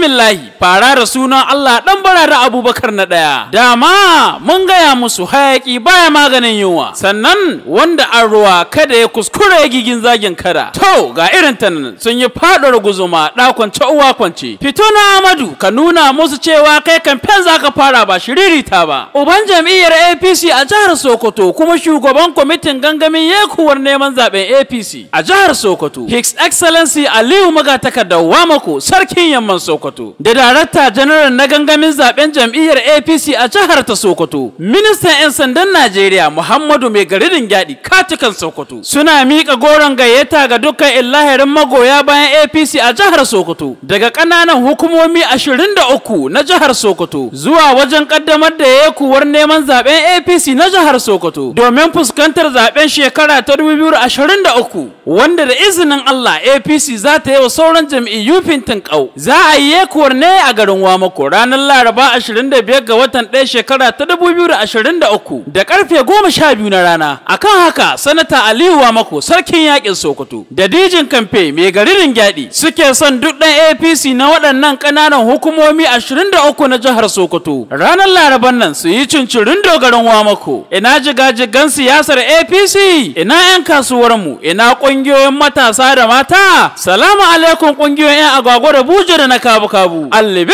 bismillahi fara da sunan Allah dan bara da Abubakar na daya dama mun gaya musu hayaki baya maganin yunwa sannan wanda an ruwa kada ya kuskure gigin zagin kada to ga irin ta nan sun yi fadar guzuma da kwance uwa kwance fito na Amadu ka nuna musu cewa kai kamfen zaka fara ba shiririta ba uban jam'iyyar APC a jihar Sokoto kuma shugaban kwamitin gangamin yekuwar neman zaben APC a jihar Sokoto His Excellency Aliyu Magatakarda Wamako sarkin yamman Sokoto Sokoto da Darakta General na gangamin zaben jam'iyyar APC a jihar ta Sokoto. Ministan 'yan sandan Najeriya Muhammadu Mai garidin Gyadi katukan Sokoto suna mika goron gayyata ga dukkan illahirin magoya bayan APC a jihar Sokoto daga ƙananan hukumomi 23 na jihar Sokoto zuwa wajen ƙaddamar da kuwar neman zaben APC na jihar Sokoto domin fuskantar zaben shekara ta 2023 wanda da izinin Allah APC za ta yi wa sauran jam'iyyu fintin ƙau. Za a yi ekuwar ne a garin Wamako ranar Laraba 25 ga watan 1 shekara ta 2023 da karfe 12 na rana. Akan haka sanata Aliyu Wamako sarkin yakin Sokoto da dijin kamfe mai garirin gyadi suke son duk dan APC na waɗannan ƙananan hukumomi 23 na jihar Sokoto. Ranar Laraban nan su yi cincirin dogarin Wamako. Ina jigajigan siyasar APC, ina 'yan kasuwarmu, ina ƙungiyoyin matasa da mata. Salamu alaikum ƙungiyoyin 'yan agwagwa da buja da na kabu kabu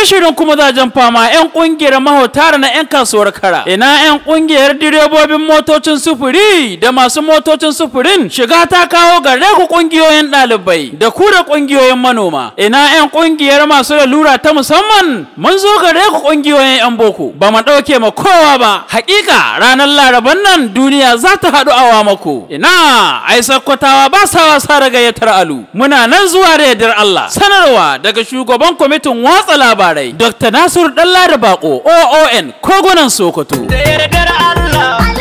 shirin kuma za jan fama yan kungiyar mahautar na yan kasuwar kara ina yan kungiyar direbobin motocin sufuri da masu motocin sufurin shiga ta kawo gare ku kungiyoyin ɗalibai da ku da kungiyoyin manoma ina yan kungiyar masu lalura ta musamman mun zo gare ku kungiyoyin yan boko ba mu ɗauke ma kowa ba hakika ranar laraban nan duniya za ta haɗu a mako ina ai sakkwatawa ba sa wasa da gayyatar alu muna nan zuwa da yardar Allah sanarwa daga shugaban kwamitin kwamitin watsa labarai Dr. Nasiru Dalla da Bako OON Kogunan Sokoto. Da yardar Allah.